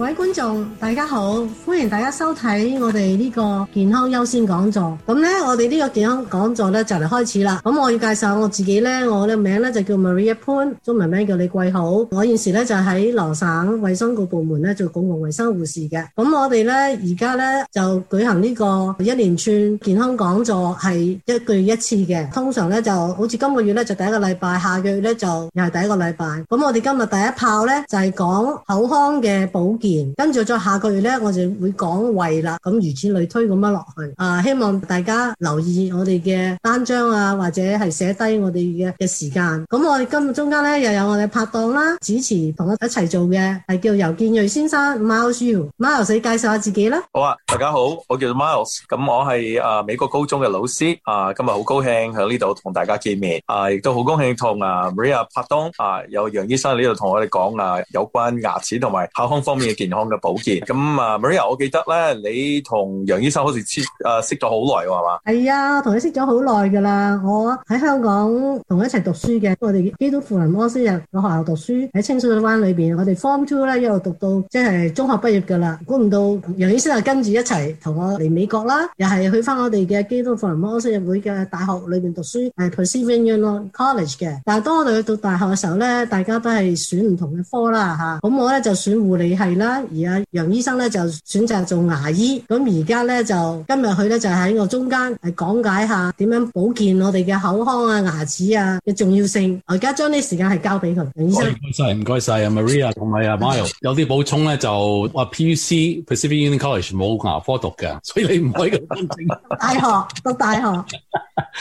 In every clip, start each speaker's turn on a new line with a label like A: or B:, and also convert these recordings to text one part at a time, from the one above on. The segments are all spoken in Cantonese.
A: 各位觀眾，大家好，歡迎大家收睇我哋呢個健康優先講座。咁呢，我哋呢個健康講座呢，就嚟開始啦。咁我要介紹我自己呢，我嘅名呢，就叫 Maria Poon，中文名叫李桂好。我現時呢，就喺羅省衛生局部門呢做公共衛生護士嘅。咁我哋呢，而家呢，就舉行呢個一連串健康講座，係一個月一次嘅。通常呢，就好似今個月呢，就第一個禮拜，下個月呢，就又係第一個禮拜。咁我哋今日第一炮呢，就係講口腔嘅保健。跟住再下個月咧，我就會講胃啦。咁如此類推咁樣落去。啊，希望大家留意我哋嘅單張啊，或者係寫低我哋嘅嘅時間。咁我哋今日中間咧又有我哋拍檔啦，主持同我哋一齊做嘅係叫游建瑞先生，Miles。Miles，你介紹下自己啦。
B: 好啊，大家好，我叫做 Miles。咁我係啊
C: 美國高中嘅老師。啊，今日好高興喺呢度同大家見面。啊，亦都好高興同啊 Maria 拍檔。啊，有楊醫生喺呢度同我哋講啊有關牙齒同埋口腔方面嘅。健康嘅保健咁啊，Maria，我記得咧，你同楊醫生好似識誒識咗好耐，
D: 係嘛？係
A: 啊，我同佢識咗好耐噶啦。我喺香港同佢一齊讀書嘅，我哋基督復臨安息日個學校讀書喺清水灣裏邊。我哋 Form Two 咧一路讀到即係中學畢業噶啦。估唔到楊醫生就跟住一齊同我嚟美國啦，又係去翻我哋嘅基督復臨安息日會嘅大學裏邊讀書，誒，Presbyterian College 嘅。但係當我哋去讀大學嘅時候咧，大家都係選唔同嘅科啦吓。咁我咧就選護理系啦。而阿楊醫生咧就選擇做牙醫，咁而家咧就今日佢咧就喺我中間係講解一下點樣保健我哋嘅口腔啊、牙齒啊嘅重要性。我而家將啲時間係交俾佢醫生。唔該
C: 晒，唔該晒，Maria 同埋阿 Mile 有啲補充咧，就阿 PUC Pacific Union College 冇牙科讀嘅，所以你唔可以咁
A: 天真。大學 讀大學，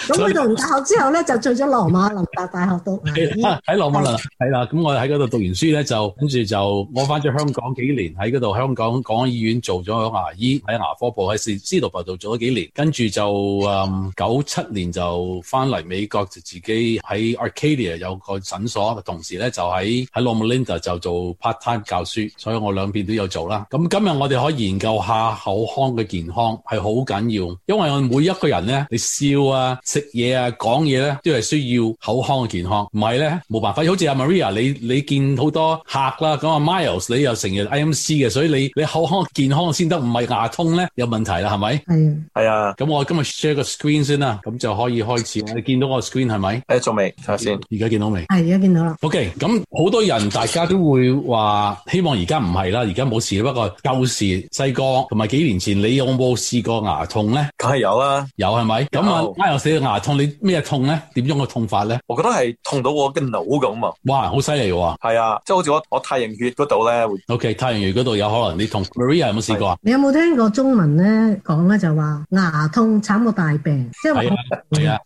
A: 咁佢讀完大， 大學之後咧就做咗羅馬林達大，大學嘅
C: 牙醫喺羅馬林達，係啦的。咁我喺嗰度讀完書咧，就跟住就我翻咗香港幾年年喺嗰度香港港安醫院做咗牙醫，喺牙科部喺司司徒拔道做咗幾年，跟住就啊九七年就翻嚟美國就自己喺 Arcadia 有個診所，同時咧就喺喺 Loma Linda 就做 part time 教書，所以我兩邊都有做啦。咁今日我哋可以研究下口腔嘅健康係好緊要，因為我每一個人咧，你笑啊、食嘢啊、講嘢咧，都係需要口腔嘅健康。唔係咧，冇辦法。好似阿 Maria，你你見好多客啦，咁阿 Miles，你又成日 M.C. 嘅，所以你你口腔健康先得，唔係牙痛咧有問題啦，係咪？嗯的，係啊。咁我今日 share 個 screen 先啦，咁就可以開始。你見到我 screen 係咪？誒，仲未睇下先。而家見到未？
A: 係，而家見到啦。
C: O.K. 咁好多人，大家都會話希望而家唔係啦，而家冇事。不過舊時細個同埋幾年前，你有冇試過牙痛咧？梗係有啦，有係咪？咁啊，啱又死咗牙痛，你咩痛咧？點樣個痛法咧？我覺得係痛到我嘅腦咁啊！哇，好犀利喎！係啊，即係好似我我太陽穴嗰度咧。O.K. 嗰度有可能你同 Maria 有冇試過啊？的
A: 你有冇聽過中文咧講咧就話牙痛慘過大病，即係係啊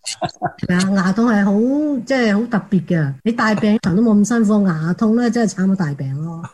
A: 牙痛係好即係好特別嘅。你大病一場都冇咁辛苦，牙痛咧真係慘過大病咯。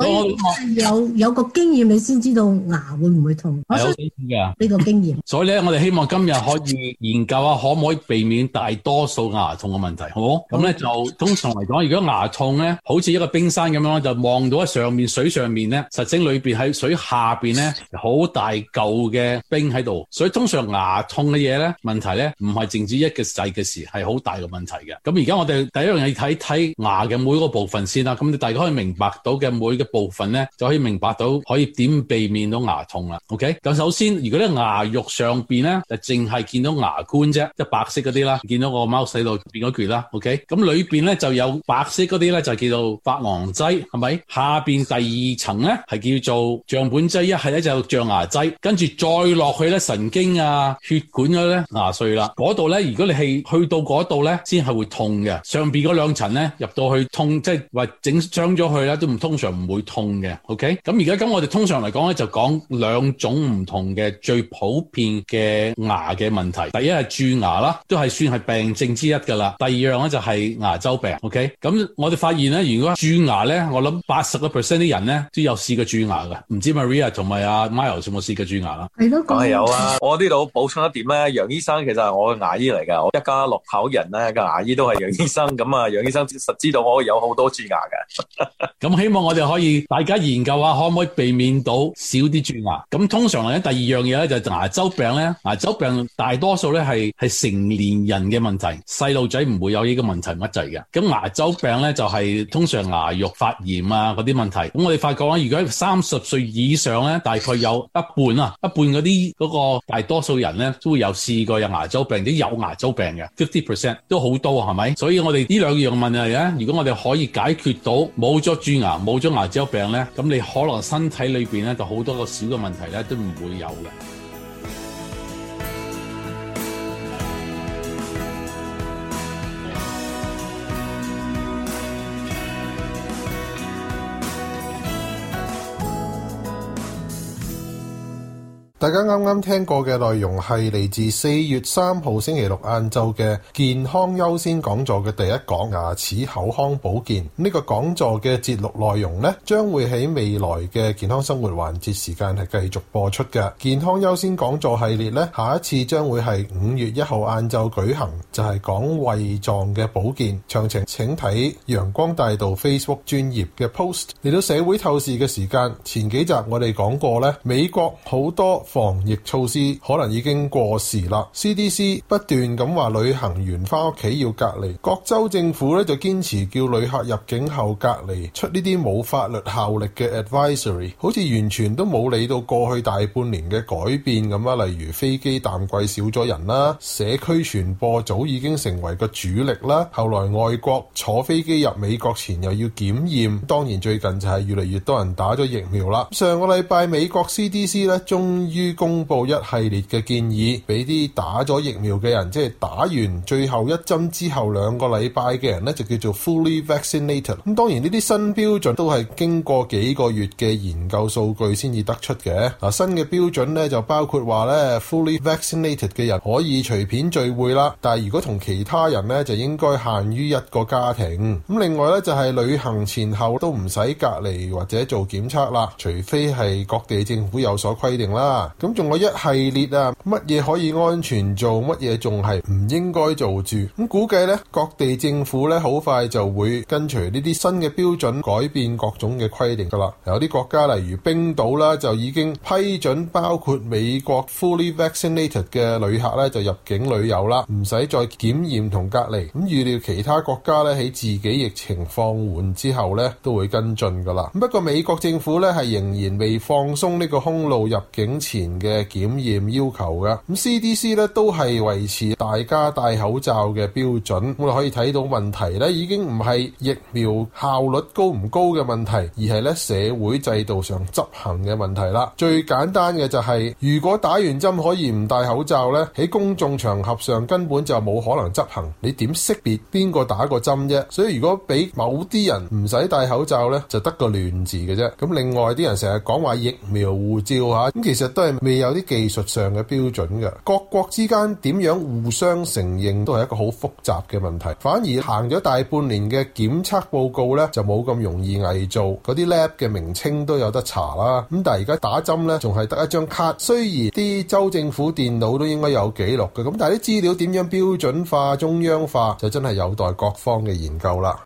A: 所以有有個經,會會的個經驗，你先知道牙會唔會痛。呢個經驗。
C: 所以咧，我哋希望今日可以研究下可唔可以避免大多數牙痛嘅問題。好咁咧，好就通常嚟講，如果牙痛咧，好似一個冰山咁樣，就望到喺上面水上面。實面咧，實質裏邊喺水下邊咧，好大嚿嘅冰喺度，所以通常牙痛嘅嘢咧，問題咧唔係淨止一個細嘅事，係好大嘅問題嘅。咁而家我哋第一樣嘢睇睇牙嘅每個部分先啦，咁你大家可以明白到嘅每個部分咧，就可以明白到可以點避免到牙痛啦。OK，咁首先，如果啲牙肉上邊咧，就淨係見到牙冠啫，即係白色嗰啲啦，見到個貓細到變咗橛啦。OK，咁裏邊咧就有白色嗰啲咧，就叫做琺瑯質，係咪？下邊第二。層咧係叫做象本劑，一係咧就象牙劑，跟住再落去咧神經啊、血管咗、啊、咧牙碎啦，嗰度咧如果你去去到嗰度咧，先係會痛嘅。上邊嗰兩層咧入到去痛，即係話整傷咗佢啦，都唔通常唔會痛嘅。OK，咁而家咁我哋通常嚟講咧，就講兩種唔同嘅最普遍嘅牙嘅問題。第一係蛀牙啦，都係算係病症之一噶啦。第二樣咧就係牙周病。OK，咁我哋發現咧，如果蛀牙咧，我諗八十個 percent 啲人咧。都有試過蛀牙嘅，唔知 Maria 同埋阿 Mile 有冇試過蛀牙啦？
B: 係咯，梗係有啊。我呢度補充一點
C: 咧，楊醫生其實係我嘅牙醫嚟噶，我一家六口人咧，個牙醫都係楊醫生。咁啊，楊醫生實知道我有好多蛀牙嘅。咁 希望我哋可以大家研究下，可唔可以避免到少啲蛀牙？咁通常嚟緊第二樣嘢咧，就係牙周病咧。牙周病大多數咧係係成年人嘅問題，細路仔唔會有呢個問題乜滯嘅。咁牙周病咧就係通常牙肉發炎啊，嗰啲問題。咁我哋發講如果三十歲以上咧，大概有一半啊，一半嗰啲嗰個大多數人咧，都會有試過有牙周病，啲有牙周病嘅，fifty percent 都好多係咪？所以我哋呢兩樣問題咧，如果我哋可以解決到冇咗蛀牙、冇咗牙周病咧，咁你可能身體裏邊咧就好多個小嘅問題咧都唔會有嘅。
E: 大家啱啱聽過嘅內容係嚟自四月三號星期六晏晝嘅健康優先講座嘅第一講牙齒口腔保健。呢個講座嘅節錄內容呢，將會喺未來嘅健康生活環節時間係繼續播出嘅。健康優先講座系列呢，下一次將會係五月一號晏晝舉行，就係講胃臟嘅保健。詳情請睇陽光大道 Facebook 專頁嘅 post。嚟到社會透視嘅時間，前幾集我哋講過呢，美國好多。防疫措施可能已經過時啦。CDC 不斷咁話旅行完翻屋企要隔離，各州政府咧就堅持叫旅客入境後隔離。出呢啲冇法律效力嘅 advisory，好似完全都冇理到過去大半年嘅改變咁啦。例如飛機淡季少咗人啦，社區傳播早已經成為個主力啦。後來外國坐飛機入美國前又要檢驗，當然最近就係越嚟越多人打咗疫苗啦。上個禮拜美國 CDC 咧終於。於公布一系列嘅建議，俾啲打咗疫苗嘅人，即係打完最後一針之後兩個禮拜嘅人呢就叫做 fully vaccinated。咁當然呢啲新標準都係經過幾個月嘅研究數據先至得出嘅。嗱，新嘅標準咧就包括話咧，fully vaccinated 嘅人可以隨便聚會啦，但係如果同其他人咧就應該限於一個家庭。咁另外咧就係旅行前後都唔使隔離或者做檢測啦，除非係各地政府有所規定啦。咁仲有一系列啊，乜嘢可以安全做，乜嘢仲係唔應該做住。咁估計咧，各地政府咧好快就會跟隨呢啲新嘅標準改變各種嘅規定噶啦。有啲國家例如冰島啦，就已經批准包括美國 fully vaccinated 嘅旅客咧就入境旅遊啦，唔使再檢驗同隔離，咁預料其他國家咧喺自己疫情放緩之後咧都會跟進噶啦。不過美國政府咧係仍然未放鬆呢個空路入境前嘅檢驗要求嘅。咁 CDC 咧都係維持大家戴口罩嘅標準，我哋可以睇到問題咧已經唔係疫苗效率高唔高嘅問題，而係咧社會制度上執行嘅問題啦。最簡單嘅就係、是、如果打完針可以唔戴口罩咧，喺公眾場合上根本就冇可能執行。你點識別邊個打過針啫？所以如果俾某啲人唔使戴口罩咧，就得個亂字嘅啫。咁另外啲人成日講話疫苗護照吓，咁其實都係。未有啲技術上嘅標準嘅，各國之間點樣互相承認都係一個好複雜嘅問題。反而行咗大半年嘅檢測報告呢，就冇咁容易偽造，嗰啲 lab 嘅名稱都有得查啦。咁但係而家打針呢，仲係得一張卡。雖然啲州政府電腦都應該有記錄嘅，咁但係啲資料點樣標準化、中央化，就真係有待各方嘅研究啦。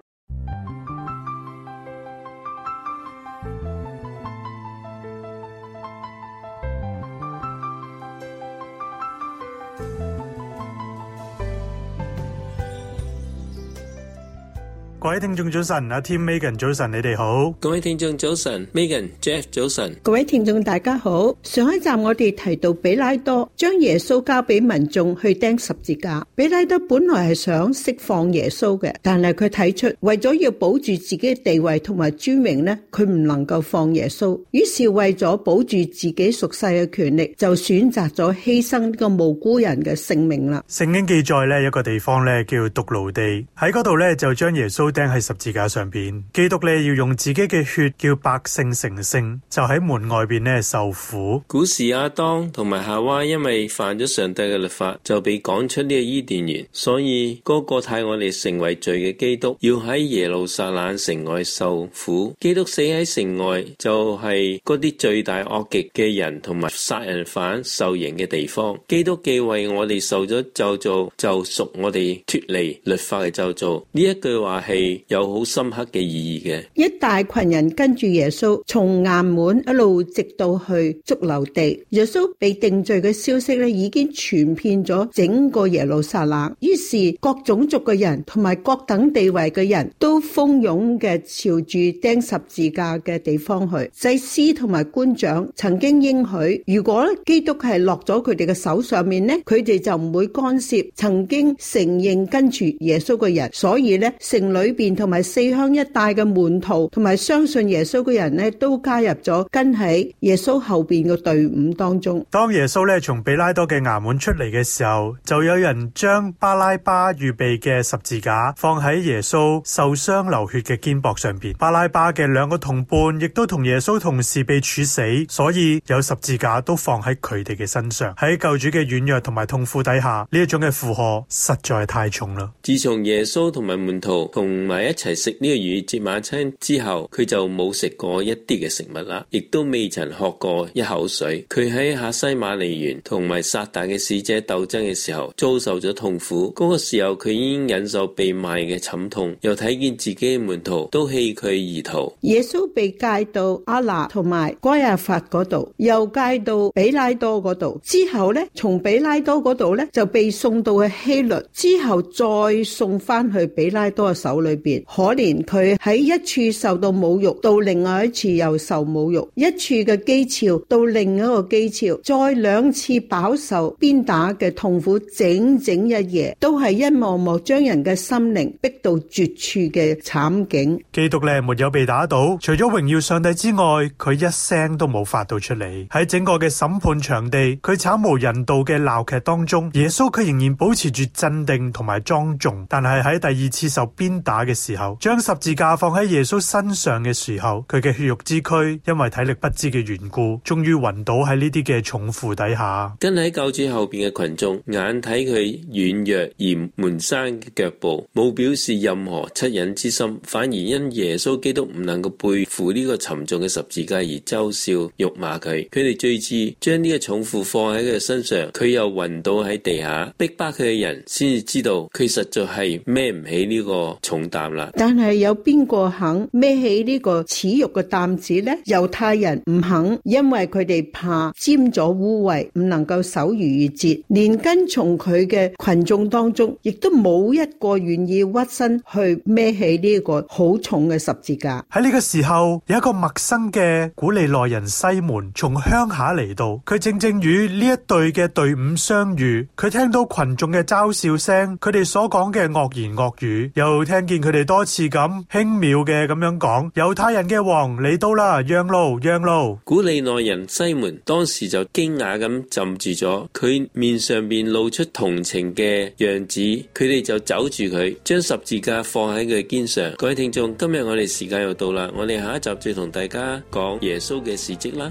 F: 各位聽眾早晨，阿 Tim Megan，早晨，你哋好。各位聽眾早晨，Megan Jeff，早晨。
D: 各位聽眾大家好。上一集我哋提到比拉多將耶穌交俾民眾去釘十字架。比拉多本來係想釋放耶穌嘅，但係佢睇出為咗要保住自己嘅地位同埋尊榮呢，佢唔能夠放耶穌。於是為咗保住自己熟悉嘅權力，就選擇咗犧牲個無辜人嘅性命啦。
F: 聖經記載呢一個地方呢，叫髑髏地，喺嗰度呢就將耶穌。釘喺十字架上邊，基督咧要用自己嘅血叫百姓成聖，就喺門外邊呢受苦。
B: 古時亞當同埋夏娃因為犯咗上帝嘅律法，就被趕出呢個伊甸園，所以、那個個替我哋成為罪嘅基督，要喺耶路撒冷城外受苦。基督死喺城外就是那些最，就係嗰啲罪大惡極嘅人同埋殺人犯受刑嘅地方。基督既為我哋受咗咒詛，就贖我哋脫離律法嘅咒詛。呢一句話係。有好深刻嘅意義嘅，
D: 一大群人跟住耶穌從衙門一路直到去髑髏地，耶穌被定罪嘅消息呢已經傳遍咗整個耶路撒冷，於是各種族嘅人同埋各等地位嘅人都蜂擁嘅朝住釘十字架嘅地方去。祭司同埋官長曾經應許，如果咧基督係落咗佢哋嘅手上面呢，佢哋就唔會干涉曾經承認跟住耶穌嘅人，所以呢，城裡。邊同埋四鄉一帶嘅門徒同埋相信耶穌嘅人呢，都加入咗跟喺耶穌後邊嘅隊伍當中。
F: 當耶穌咧從彼拉多嘅衙門出嚟嘅時候，就有人將巴拉巴預備嘅十字架放喺耶穌受傷流血嘅肩膊上邊。巴拉巴嘅兩個同伴亦都同耶穌同時被處死，所以有十字架都放喺佢哋嘅身上。喺救主嘅軟弱同埋痛苦底下，呢一種嘅負荷實在太重啦。
B: 自從耶穌同埋門徒同。埋一齊食呢個魚接晚餐之後，佢就冇食過一啲嘅食物啦，亦都未曾喝過一口水。佢喺下西馬利園同埋撒但嘅使者鬥爭嘅時候，遭受咗痛苦。嗰個時候佢已經忍受被賣嘅慘痛，又睇見自己嘅門徒都棄佢而逃。
D: 耶穌被解到阿納同埋該亞法嗰度，又解到彼拉多嗰度，之後咧從彼拉多嗰度咧就被送到去希律，之後再送翻去彼拉多嘅手。裏邊可憐佢喺一處受到侮辱，到另外一處又受侮辱，一處嘅譏誚，到另一個譏誚，再兩次飽受鞭打嘅痛苦，整整一夜都係一幕幕將人嘅心靈逼到絕處嘅慘景。
F: 基督咧沒有被打倒，除咗榮耀上帝之外，佢一聲都冇發到出嚟。喺整個嘅審判場地，佢慘無人道嘅鬧劇當中，耶穌佢仍然保持住鎮定同埋莊重，但係喺第二次受鞭打。嘅時候，將十字架放喺耶穌身上嘅時候，佢嘅血肉之軀因為體力不支嘅緣故，終於暈倒喺呢啲嘅重負底下。
B: 跟喺教主後邊嘅群眾眼睇佢軟弱而蹣跚嘅腳步，冇表示任何惻隱之心，反而因耶穌基督唔能夠背負呢個沉重嘅十字架而嘲笑辱罵佢。佢哋最終將呢個重負放喺佢身上，佢又暈倒喺地下，逼迫佢嘅人先至知道佢實在係孭唔起呢個重。擔啦，但
D: 係有邊個肯孭起呢個恥辱嘅擔子咧？猶太人唔肯，因為佢哋怕沾咗污穢，唔能夠守逾越節，連跟從佢嘅群眾當中，亦都冇一個願意屈身去孭起呢一個好重嘅十字架。
F: 喺呢個時候，有一個陌生嘅古利奈人西門從鄉下嚟到，佢正正與呢一隊嘅隊伍相遇，佢聽到群眾嘅嘲笑聲，佢哋所講嘅惡言惡語，又聽見。見佢哋多次咁輕蔑嘅咁樣講猶太人嘅王，你到啦，讓路，讓路，讓路，
B: 古利奈人西門當時就驚訝咁浸住咗，佢面上面露出同情嘅樣子，佢哋就走住佢，將十字架放喺佢肩上。各位聽眾，今日我哋時間又到啦，我哋下一集再同大家講耶穌嘅事跡啦。